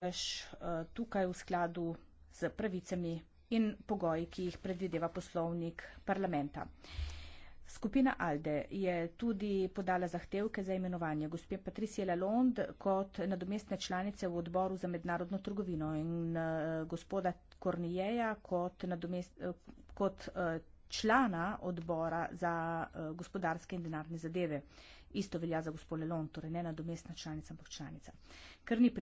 delež eh, tukaj v skladu z pravicami in pogoji, ki jih predvideva poslovnik parlamenta. Skupina Alde je tudi podala zahtevke za imenovanje gospe Patricije Lalond kot nadomestne članice v odboru za mednarodno trgovino in eh, gospoda Kornijeja kot, nadomest, eh, kot člana odbora za gospodarske in denarne zadeve. Isto velja za gospod Lalond, torej ne nadomestna članica, ampak članica.